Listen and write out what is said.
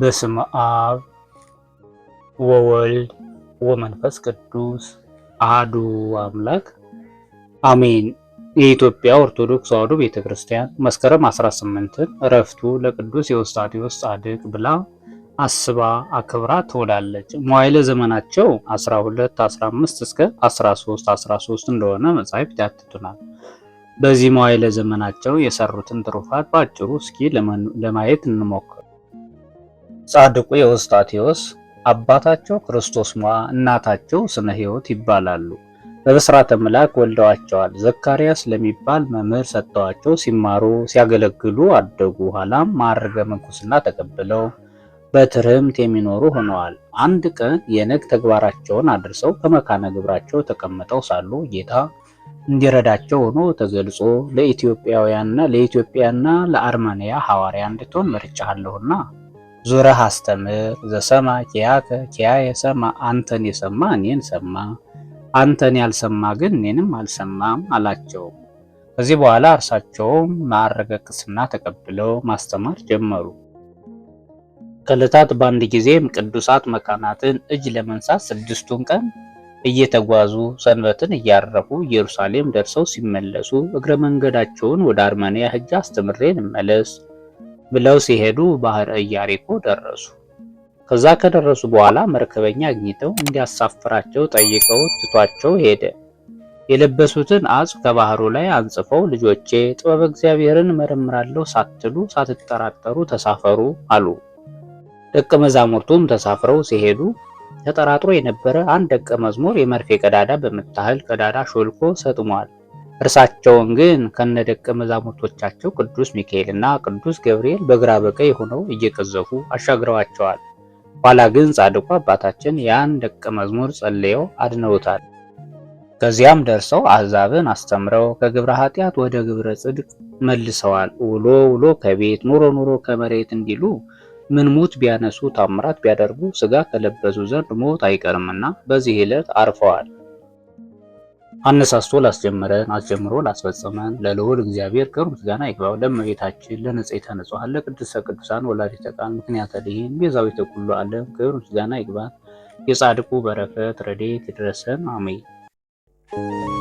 በስም አብ ወወልድ ወመንፈስ ቅዱስ አህዱ አምላክ አሜን። የኢትዮጵያ ኦርቶዶክስ ተዋሕዶ ቤተ ክርስቲያን መስከረም 18 እረፍቱ ለቅዱስ የውስጣቴዎስ ጻድቅ ብላ አስባ አክብራ ትውላለች። መዋዕለ ዘመናቸው 12 15 እስከ 13 13 እንደሆነ መጻሕፍት ያትቱናል። በዚህ መዋዕለ ዘመናቸው የሰሩትን ትሩፋት በአጭሩ እስኪ ለማየት እንሞክር። ጻድቁ የውስጣቴዎስ አባታቸው ክርስቶስማ እናታቸው ስነ ሕይወት ይባላሉ። በብስራተ መልአክ ወልደዋቸዋል። ዘካርያስ ለሚባል መምህር ሰጥተዋቸው ሲማሩ ሲያገለግሉ አደጉ። ኋላም ማዕርገ ምንኩስና ተቀብለው በትህርምት የሚኖሩ ሆነዋል። አንድ ቀን የነግ ተግባራቸውን አድርሰው ከመካነ ግብራቸው ተቀምጠው ሳሉ ጌታ እንዲረዳቸው ሆኖ ተገልጾ ለኢትዮጵያውያንና ለኢትዮጵያና ለአርመንያ ሐዋርያ እንድትሆን መርጫለሁና ዙረህ አስተምር ዘሰማ ኪያከ ኪያየ ሰማ አንተን የሰማ እኔን ሰማ አንተን ያልሰማ ግን እኔንም አልሰማም አላቸው። ከዚህ በኋላ እርሳቸውም ማዕረገ ቅስና ተቀብለው ማስተማር ጀመሩ። ከዕለታት በአንድ ጊዜም ቅዱሳት መካናትን እጅ ለመንሳት ስድስቱን ቀን እየተጓዙ ሰንበትን እያረፉ ኢየሩሳሌም ደርሰው ሲመለሱ እግረ መንገዳቸውን ወደ አርመንያ ሂጄ አስተምሬ እንመለስ ብለው ሲሄዱ ባህር እያሪኮ ደረሱ። ከዛ ከደረሱ በኋላ መርከበኛ አግኝተው እንዲያሳፍራቸው ጠይቀው ትቷቸው ሄደ። የለበሱትን አጽፍ ከባህሩ ላይ አንጽፈው ልጆቼ ጥበብ እግዚአብሔርን መረምራለሁ ሳትሉ ሳትጠራጠሩ ተሳፈሩ አሉ። ደቀ መዛሙርቱም ተሳፍረው ሲሄዱ ተጠራጥሮ የነበረ አንድ ደቀ መዝሙር የመርፌ ቀዳዳ በምታህል ቀዳዳ ሾልኮ ሰጥሟል። እርሳቸውን ግን ደቀ መዛሙርቶቻቸው ቅዱስ ሚካኤልና ቅዱስ ገብርኤል በግራ በቀኝ ሆነው እየቀዘፉ አሻግረዋቸዋል። ኋላ ግን ጻድቁ አባታችን ያን ደቀ መዝሙር ጸልየው አድነውታል። ከዚያም ደርሰው አሕዛብን አስተምረው ከግብረ ኃጢአት ወደ ግብረ ጽድቅ መልሰዋል። ውሎ ውሎ ከቤት ኑሮ ኑሮ ከመሬት እንዲሉ ምን ሙት ቢያነሱ ታምራት ቢያደርጉ ስጋ ከለበሱ ዘንድ ሞት አይቀርምና በዚህ ዕለት አርፈዋል። አነሳስቶ ላስጀመረን አስጀምሮ ላስፈጸመን ለልዑል እግዚአብሔር ክብር ምስጋና ይግባው። ለእመቤታችን ለንጽሕተ ንጹሐን ለቅድስተ ቅዱሳን ወላዲተ ቃል ምክንያተ ድኂን ቤዛዊተ ኩሉ ዓለም ክብር ምስጋና ይግባት። የጻድቁ በረከት ረድኤት ይድረሰን፣ አሜን።